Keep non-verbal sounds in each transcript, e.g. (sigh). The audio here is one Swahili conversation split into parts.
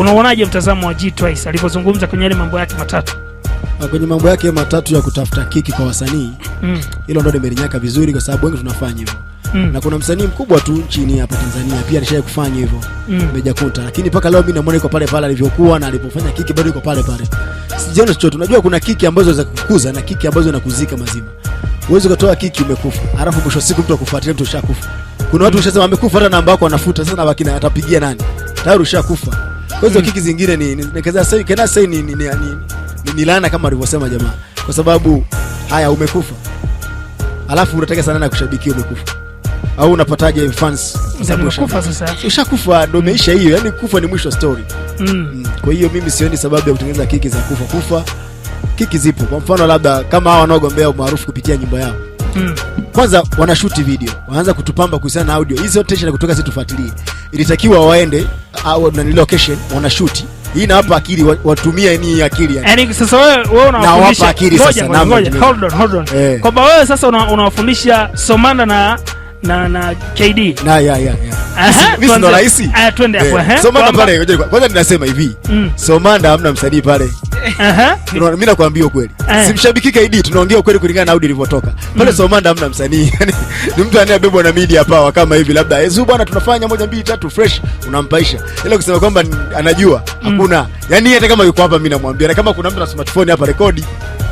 Unaonaje mtazamo wa G Twice alipozungumza kwenye yale mambo yake matatu ah, kwenye mambo yake matatu ya kutafuta kiki kwa wasanii mm. Hilo ndo limelinyaka vizuri, kwa sababu wengi tunafanya hivyo mm. Na kuna msanii mkubwa tu nchini hapa Tanzania pia alishaye kufanya hivyo mm. Mejakuta, lakini mpaka leo mimi namuona yuko pale pale alivyokuwa na alipofanya kiki, bado yuko pale pale, sijiona chochote. Unajua kuna kiki ambazo za kukuza na kiki ambazo nakuzika mazima. Uwezi ukatoa kiki umekufa, alafu mwisho siku mtu akufuatilia, mtu ushakufa. Kuna watu mm. ushasema amekufa, hata namba yako anafuta sasa, na wakina atapigia nani? Tayari ushakufa hizo kiki zingine ni nikaza kaza sasa kana sasa ni ni ni ni, ni, laana kama alivyosema jamaa, kwa sababu haya umekufa, alafu unataka sana na kushabikia umekufa au unapataje fans? sababu Umekufa sasa, ushakufa, ndio mm. umeisha hiyo, yani kufa ni mwisho story. Mm. mm. Kwa hiyo mimi sioni sababu ya kutengeneza kiki za kufa kufa. Kiki zipo, kwa mfano labda kama hao wanaogombea umaarufu kupitia nyimbo yao Mm. Kwanza wanashuti video, wanaanza kutupamba kuhusiana na audio. Hizi zote shida kutoka sisi tufuatilie. Ilitakiwa waende au na location wanashuti hii nawapa akili watumia ni akili yani. Yaani sasa wewe wewe unawafundisha akili sasa, na hold on hold on eh, kwamba wewe sasa unawafundisha Somanda na na na KD na ya ya mimi ndo rahisi. Eh, twende hapo eh, Somanda pale. Kwanza ninasema hivi, mm. Somanda hamna msanii pale mi nakwambia ukweli, eh. simshabiki kaidi tunaongea ukweli kulingana na audi ilivyotoka pale. Mm. Somanda amna msanii, (laughs) yani ni mtu anayebebwa na media power kama hivi, labda ezu eh, bwana, tunafanya moja mbili tatu fresh, unampaisha. Ila kusema kwamba anajua mm. hakuna, yani hata kama yuko hapa, mi namwambia, na yaani kama kuna mtu na smartphone hapa, rekodi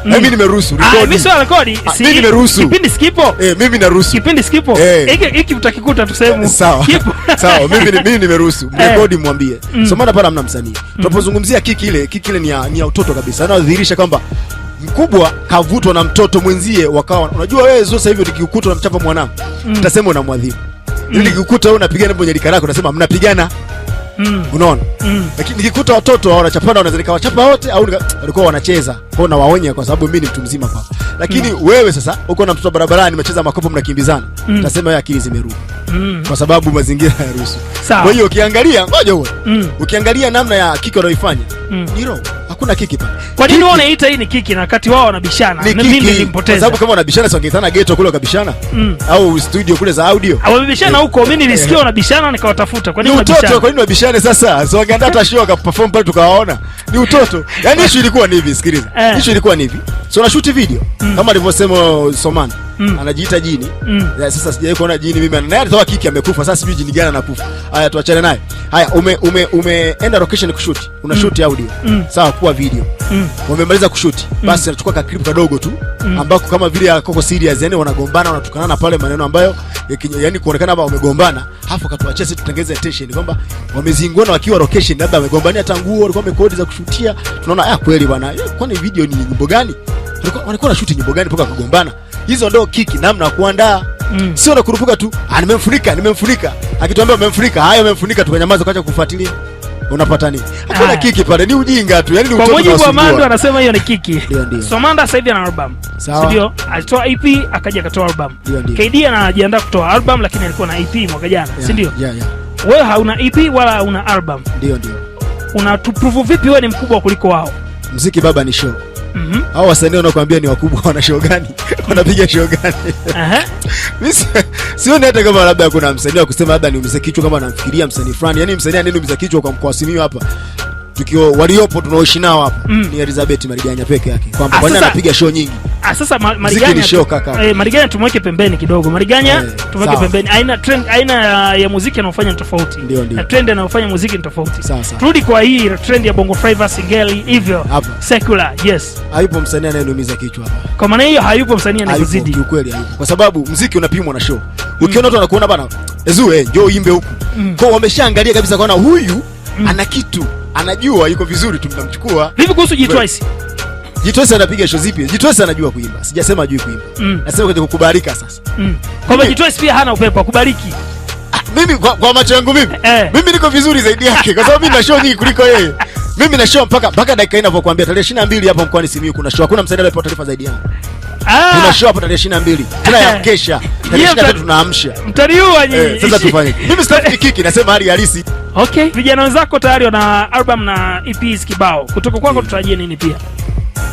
Mm. Eh, mimi nimeruhusu ah, rekodi. Mimi sio rekodi. Ah, mimi nimeruhusu. Kipindi sikipo. Eh, mimi naruhusu. Kipindi sikipo. Eh. Hiki hiki utakikuta tuseme. Eh, sawa. (laughs) Sawa, mimi mimi nimeruhusu. Rekodi mwambie. Mm. So maana pale mna msanii. Mm-hmm. Tunapozungumzia kiki ile, kiki ile ni ya ni ya utoto kabisa. Anadhihirisha kwamba mkubwa kavutwa na mtoto mwenzie wakawa. Unajua wewe sasa hivi ukikukuta unamchapa mwanangu, mm. utasema unamwadhibu. Ili ukikuta wewe unapigana hapo nyarika lako unasema mnapigana mm. Unaona mm. Lakini nikikuta watoto wanachapana wanaweza nikawachapa wote, au walikuwa wanacheza kwao, nawaonya kwa sababu mimi ni mtu mzima kwa Lakini mm. wewe sasa uko na mtoto barabarani, mecheza makopo, mnakimbizana mm. tasema wewe akili zimerudi mm. kwa sababu mazingira ya hayaruhusu. Kwa hiyo ukiangalia, ngoja uwe mm. ukiangalia namna ya kike wanaoifanya mm. ni roho hakuna kiki pale. Kwa nini wao wanaita hii ni kiki na wakati wao wanabishana? Na mimi nilimpoteza. Kwa sababu kama wanabishana wangeitana ghetto kule wakabishana mm. au studio kule za audio. Wamebishana huko, mimi nilisikia eh. wanabishana nikawatafuta. Kwa nini wanabishana? Ni utoto, kwa nini wabishane sasa? So wangeandaa hata show akaperform pale tukawaona. Ni utoto. Yaani eh. issue ilikuwa ni hivi, sikiliza. Eh. Issue ilikuwa ni hivi. So na shoot video mm. kama alivyosema Somani mm. anajiita jini mm. ya, sasa sijawahi kuona jini mimi, naye alitoa kiki amekufa. Sasa sijui jini gani anakufa. Haya, tuachane naye. Haya, ume ume umeenda location kushoot, una mm. shoot audio mm. sawa, kuwa video mm. umemaliza kushoot, mm. basi mm. anachukua ka clip kadogo tu mm. ambako kama vile akoko serious, yani wanagombana wanatukanana pale maneno ambayo yani kuonekana kama wamegombana, alafu akatuachia sisi tutengeze tension kwamba wamezingona wakiwa location, labda wamegombania tanguo, walikuwa wamekodi za kushutia. Tunaona ah, kweli bwana, eh, kwani video ni nyimbo gani walikuwa wanashuti nyimbo gani mpaka kugombana? hizo ndo kiki namna ya kuandaa mm. Sio nakurupuka tu, ah, nimemfunika nimemfunika, akituambia umemfunika, haya umemfunika, tukanyamaza kacha kufuatilia unapata nini? akuna kiki pale, ni ujinga tu. yani ni utoto. Kwa mujibu wa Mando anasema hiyo ni kiki. So manda sasa hivi ana album. Ndio, alitoa EP akaja akatoa album. KD anajiandaa kutoa album lakini alikuwa na EP mwaka jana, si ndio? Yeah, yeah. Wewe hauna EP wala una album. Ndio, ndio. una tu prove vipi wewe ni mkubwa kuliko wao? muziki baba ni show mm -hmm. Hao wasanii wanakuambia ni wakubwa, wana show gani? (laughs) wanapiga show gani? mimi (laughs) sioni hata kama labda kuna msanii wa kusema labda niumize kichwa kama namfikiria msanii fulani, yani msanii ananiumiza kichwa kwa mkoa hapa tukio waliopo tunaoishi nao hapa mm. ni Elizabeth Mariganya peke yake, kwamba ah, kwa nini anapiga show nyingi Ah, sasa Mariganya eh, Mariganya tumweke pembeni kidogo. Mariganya eh, tumweke pembeni. Aina trend, aina ya muziki anaofanya ni tofauti. ndio Na trend anaofanya muziki ni tofauti. Turudi kwa hii trend ya Bongo Flava singeli hivyo. Secular, yes. Hayupo msanii anayeumiza kichwa Kwa maana hiyo hayupo msanii anayezidi Hayupo kweli hayupo. Kwa sababu muziki unapimwa na show. Mm. Ukiona watu wanakuona bana, Ezu eh, njoo uimbe huku. Mm. kwa wameshaangalia kabisa kwaona huyu mm. ana kitu, anajua yuko vizuri tumtamchukua. Vipi kuhusu jitwice Jitwese anapiga show zipi? Jitwese anajua kuimba. Sijasema ajui kuimba. Mm. Nasema kwenye kukubalika sasa. Mm. Kwa maana Jitwese pia hana upepo kubariki. Ah, mimi kwa, kwa macho yangu mimi. Eh, eh. Mimi niko vizuri zaidi yake kwa sababu mimi na show nyingi kuliko yeye. Mimi na show mpaka mpaka dakika inapokuambia tarehe 22 hapa mkoani Simiyu kuna show. Hakuna msanii aliyepewa taarifa zaidi yangu. Ah. Kuna show hapo tarehe 22. Tuna ya eh, eh. kesha. Tarehe 23 tunaamsha. Mtaniua nyinyi. Eh, sasa tufanye. Mimi sitaki (laughs) kiki nasema hali halisi. Okay. Vijana wenzako tayari wana album na EP kibao. Kutoka kwako tutarajie nini pia?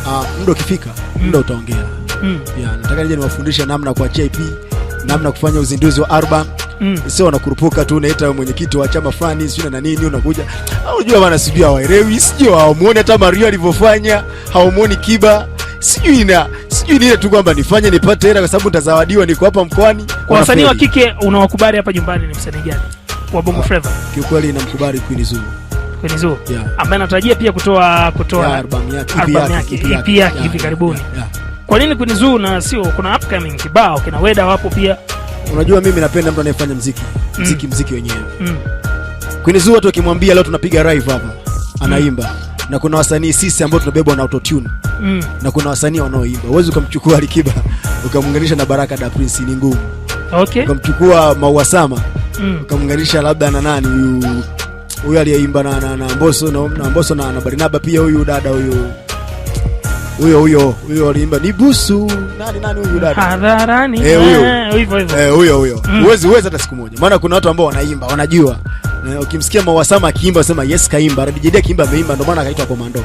Ah, mdo kifika mdo utaongea mm. nataka nije niwafundishe namna kuachia EP, namna kufanya uzinduzi wa arba mm. sio wanakurupuka tu, unaita mwenyekiti wa chama fulani sijui na nini, unakuja ah, unajua bana, sijui hawaelewi, sijui hawamuoni hata Mario alivyofanya, hawamuoni Kiba sijui na sijui nile tu kwamba nifanye nipate hela kwa sababu nitazawadiwa, niko hapa mkoani. Kwa wasanii wa kike unawakubali hapa nyumbani, ni msanii gani wa Bongo ah, Flava? Kiukweli namkubali Queen Zulu kwenye Zuo yeah. ambaye anatarajia pia kutoa kutoa yeah, albamu yake EP yake hivi karibuni Kwa nini kwenye Zuo na sio, kuna upcoming kibao kina Weda wapo pia. Unajua mimi napenda mtu anayefanya mziki mm. mziki mm. mziki wenyewe mm. kwenye Zuo watu wakimwambia leo tunapiga live hapa mm. anaimba mm na kuna wasanii sisi ambao tunabebwa na autotune mm. na kuna wasanii wanaoimba. Huwezi ukamchukua Alikiba ukamunganisha na Baraka da Prince, ni ngumu. Okay, ukamchukua Mauasama mm. ukamunganisha labda na nani huyu huyu aliyeimba na, na, na mboso na, na mboso na, na Barnaba pia huyu dada huyu huyo huyo huyo aliimba ni busu nani nani huyu dada hadharani eh huyo eh, hivyo hivyo eh huyo huyo mm. uwezi uwezi hata siku moja maana kuna watu ambao wanaimba wanajua eh, ukimsikia Mawasama akiimba sema yes kaimba Radijedia akiimba ameimba ndio maana akaitwa komando